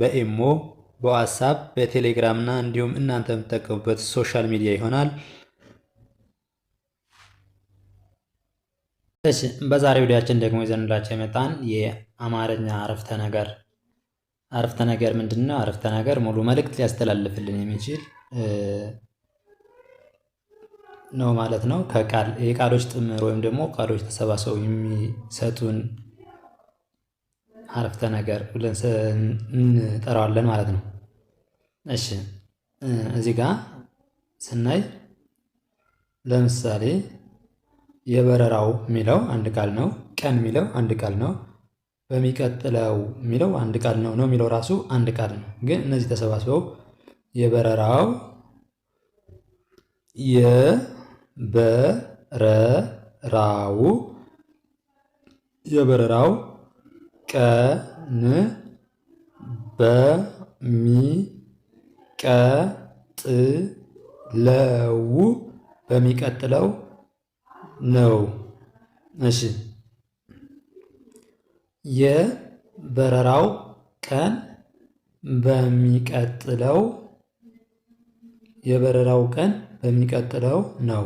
በኤሞ በዋትሳፕ በቴሌግራም እና እንዲሁም እናንተ የምትጠቀሙበት ሶሻል ሚዲያ ይሆናል። እሺ በዛሬ ቪዲያችን ደግሞ ይዘንላቸው የመጣን የአማርኛ አረፍተ ነገር አረፍተ ነገር ምንድን ነው? አረፍተ ነገር ሙሉ መልእክት ሊያስተላልፍልን የሚችል ነው ማለት ነው። ከቃል የቃሎች ጥምር ወይም ደግሞ ቃሎች ተሰባስበው የሚሰጡን አረፍተ ነገር ብለን እንጠራዋለን ማለት ነው። እሺ እዚህ ጋ ስናይ ለምሳሌ የበረራው የሚለው አንድ ቃል ነው። ቀን የሚለው አንድ ቃል ነው። በሚቀጥለው የሚለው አንድ ቃል ነው። ነው የሚለው ራሱ አንድ ቃል ነው። ግን እነዚህ ተሰባስበው የበረራው የበረራው የበረራው ቀን በሚቀጥለው በሚቀጥለው ነው። እሺ የበረራው ቀን በሚቀጥለው የበረራው ቀን በሚቀጥለው ነው።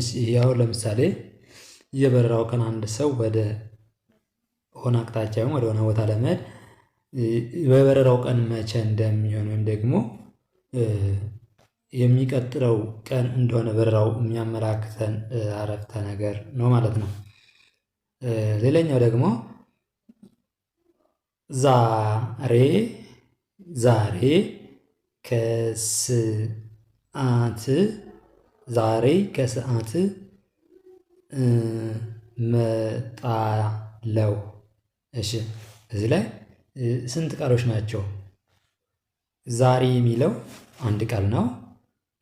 እሺ ይሄ አሁን ለምሳሌ የበረራው ቀን አንድ ሰው ወደ ሆነ አቅጣጫ ወይም ወደሆነ ቦታ ለመሄድ በበረራው ቀን መቼ እንደሚሆን ወይም ደግሞ የሚቀጥለው ቀን እንደሆነ በረራው የሚያመላክተን አረፍተ ነገር ነው ማለት ነው። ሌላኛው ደግሞ ዛሬ ዛሬ ከሰአት ዛሬ ከሰዓት እመጣለሁ እሺ እዚህ ላይ ስንት ቃሎች ናቸው? ዛሬ የሚለው አንድ ቃል ነው።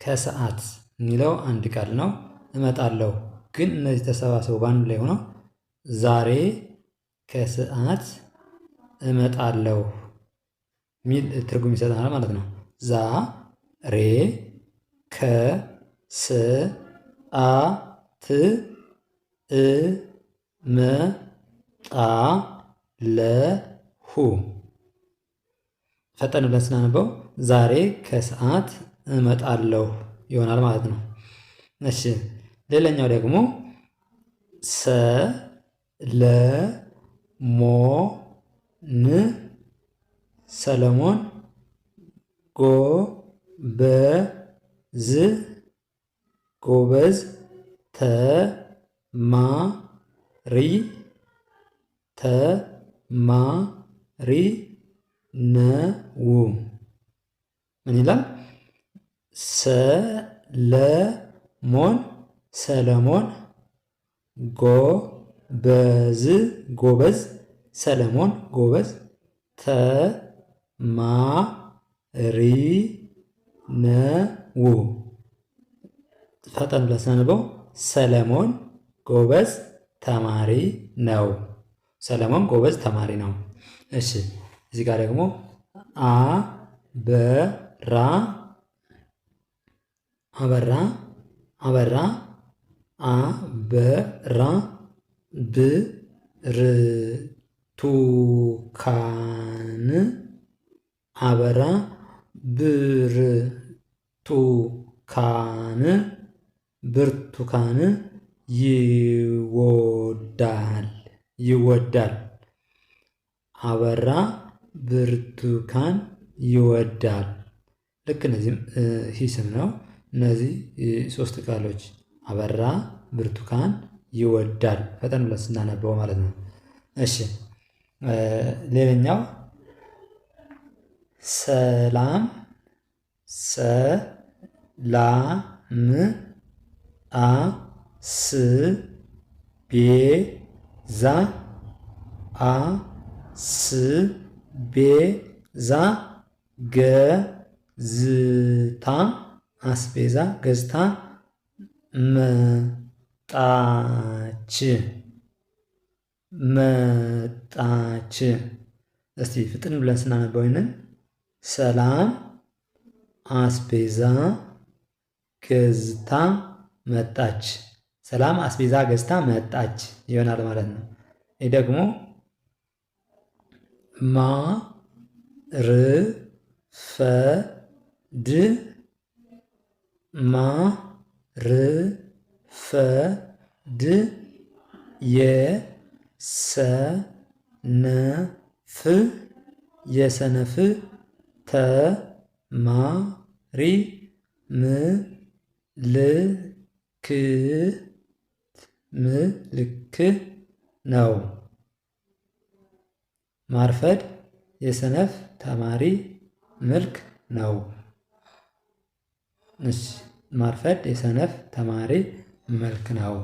ከሰዓት የሚለው አንድ ቃል ነው። እመጣለሁ ግን እነዚህ ተሰባስበው በአንድ ላይ ሆነው ዛሬ ከሰዓት እመጣለሁ የሚል ትርጉም ይሰጠናል ማለት ነው። ዛ ሬ ከ ስ አ ት እ መ ጣ ለሁ ፈጠን ብለን ስናነበው ዛሬ ከሰዓት እመጣለሁ ይሆናል ማለት ነው። እሺ ሌላኛው ደግሞ ሰለሞን ሰለሞን ጎበዝ ጎበዝ ተማሪ ተ ማሪ ነው። ምን ይላል? ሰለሞን ሰለሞን ጎበዝ ጎበዝ ሰለሞን ጎበዝ ተማሪ ነው። ፈጠን ብለህ ስናነበው ሰለሞን ጎበዝ ተማሪ ነው። ሰለሞን ጎበዝ ተማሪ ነው። እሺ እዚህ ጋር ደግሞ አ በራ አበራ አበራ አበራ ብርቱካን አበራ ብርቱካን ብርቱካን ይወዳል ይወዳል። አበራ ብርቱካን ይወዳል። ልክ እነዚህም ሂስም ነው። እነዚህ ሶስት ቃሎች አበራ ብርቱካን ይወዳል፣ ፈጠን ብለን ስናነበው ማለት ነው። እሺ ሌላኛው ሰላም ሰላም አስቤ ዛ አ ስ ቤ ዛ ገ ዝ ታ አስቤዛ ገዝታ መጣች መጣች። እስቲ ፍጥን ብለን ስናነባውንን ሰላም አስቤዛ ገዝታ መጣች። ሰላም አስቤዛ ገዝታ መጣች ይሆናል ማለት ነው። ይህ ደግሞ ማ ር ፈ ድ ማ ር ፈ ድ የ ሰ ነ ፍ የሰነፍ ተ ማ ሪ ም ል ክ ምልክ ነው። ማርፈድ የሰነፍ ተማሪ ምልክ ነው። እሺ ማርፈድ የሰነፍ ተማሪ መልክ ነው።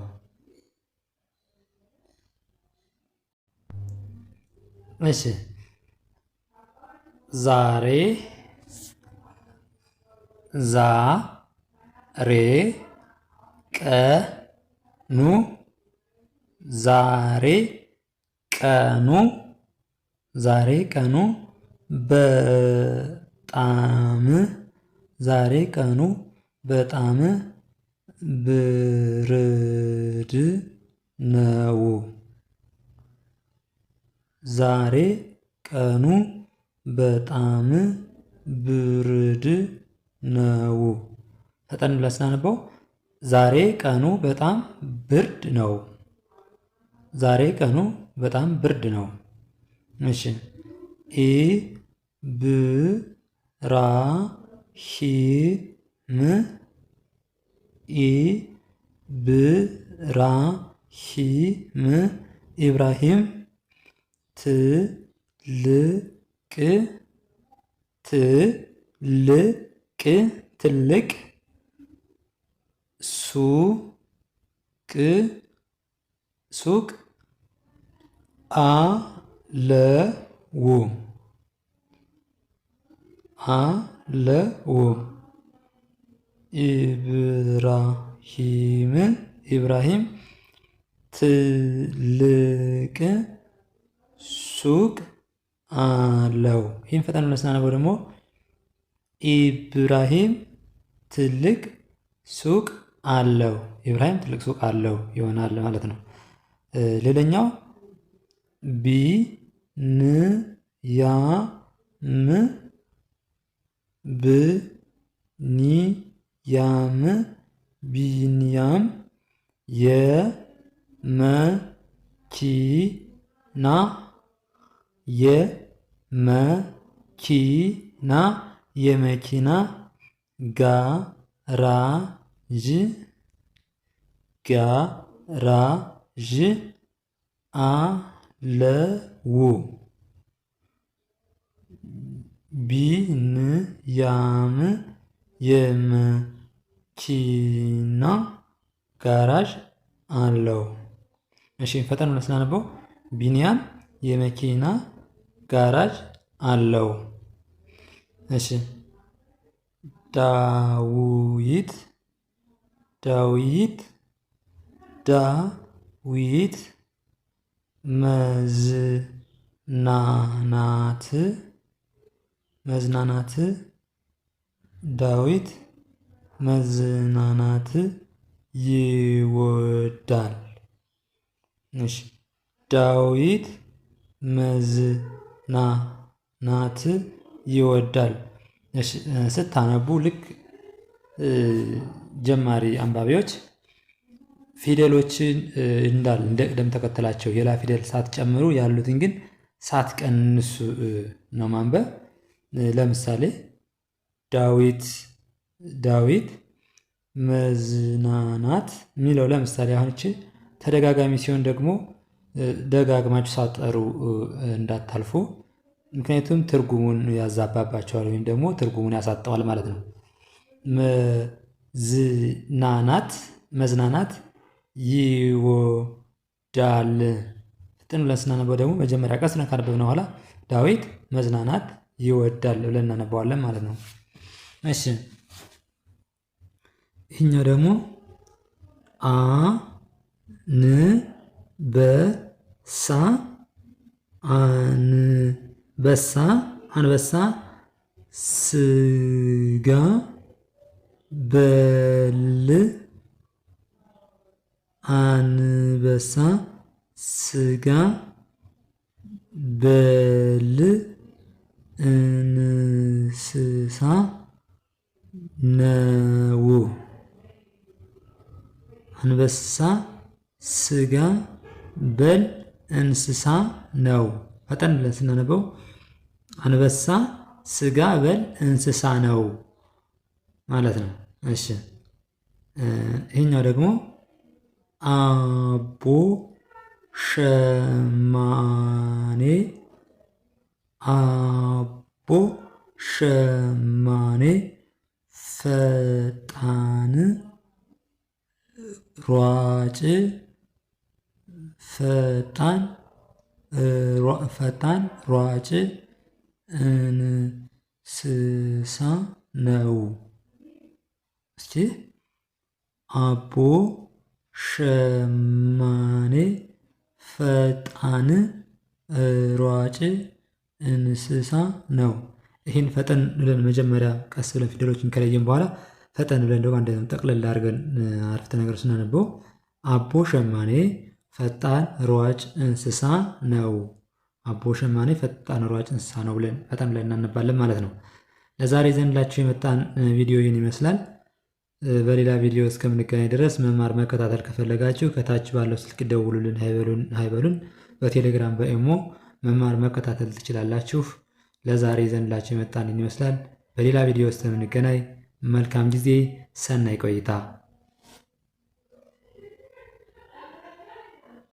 እሺ ዛሬ ዛሬ ቀ ኑ ዛሬ ቀኑ ዛሬ ቀኑ በጣም ዛሬ ቀኑ በጣም ብርድ ነው። ዛሬ ቀኑ በጣም ብርድ ነው። ፈጠን ብለን ስናነበው ዛሬ ቀኑ በጣም ብርድ ነው። ዛሬ ቀኑ በጣም ብርድ ነው። እሺ ኢ ብ ራ ሂ ም ኢ ብ ራ ሂ ም ኢብራሂም ት ል ቅ ት ል ቅ ትልቅ ሱቅ ሱቅ አለው አለው ኢብራሂም ኢብራሂም ትልቅ ሱቅ አለው። ይህም ፈጠን ብለን ስናነበው ደግሞ ኢብራሂም ትልቅ ሱቅ አለው ኢብራሂም ትልቅ ሱቅ አለው ይሆናል ማለት ነው። ሌላኛው ና የ መ ኪ ና የመኪና ጋራ ጋራዥ አለው። ቢንያም የመኪና ጋራዥ አለው። እሺ ፈጠን ብለን ስናነበው ቢንያም የመኪና ጋራጅ አለው። እሺ ዳዊት ዳዊት ዳዊት መዝናናት መዝናናት ዳዊት መዝናናት ይወዳል። እሺ ዳዊት መዝናናት ይወዳል። ስታነቡ ልክ ጀማሪ አንባቢዎች ፊደሎችን እንዳል እንደ ቅደም ተከተላቸው የላ ፊደል ሳትጨምሩ ያሉትን ግን ሳትቀንሱ ነው ማንበብ። ለምሳሌ ዳዊት ዳዊት መዝናናት የሚለው ለምሳሌ አሁን ተደጋጋሚ ሲሆን ደግሞ ደጋግማችሁ ሳጠሩ እንዳታልፉ፣ ምክንያቱም ትርጉሙን ያዛባባቸዋል ወይም ደግሞ ትርጉሙን ያሳጠዋል ማለት ነው። ዝናናት መዝናናት ይወዳል። ፍጥን ብለን ስናነበው ደግሞ መጀመሪያ ቀስና ካነበብን በኋላ ዳዊት መዝናናት ይወዳል ብለን እናነበዋለን ማለት ነው። እሺ ይህኛው ደግሞ አ ን በሳ አንበሳ አንበሳ ስጋ በል አንበሳ ስጋ በል እንስሳ ነው። አንበሳ ስጋ በል እንስሳ ነው። ፈጠን ብለን ስናነበው አንበሳ ስጋ በል እንስሳ ነው። ማለት ነው። እሺ ይህኛው ደግሞ አቦ ሸማኔ አቦ ሸማኔ ፈጣን ሯጭ ፈጣን ፈጣን ሯጭ እንስሳ ነው። እስቲ አቦ ሸማኔ ፈጣን ሯጭ እንስሳ ነው። ይህን ፈጠን ብለን መጀመሪያ ቀስ ብለን ፊደሎችን ከለየን በኋላ ፈጠን ብለን ደግሞ አንድ ጠቅለል አድርገን አረፍተ ነገር ስናነበው አቦ ሸማኔ ፈጣን ሯጭ እንስሳ ነው። አቦ ሸማኔ ፈጣን ሯጭ እንስሳ ነው ብለን ፈጠን ብለን እናነባለን ማለት ነው። ለዛሬ ዘንድላችሁ የመጣን ቪዲዮ ይህን ይመስላል። በሌላ ቪዲዮ እስከምንገናኝ ድረስ መማር መከታተል ከፈለጋችሁ ከታች ባለው ስልክ ደውሉልን፣ ሀይበሉን። በቴሌግራም በኢሞ መማር መከታተል ትችላላችሁ። ለዛሬ ዘንላችሁ የመጣን ይመስላል። በሌላ ቪዲዮ እስከምንገናኝ መልካም ጊዜ፣ ሰናይ ቆይታ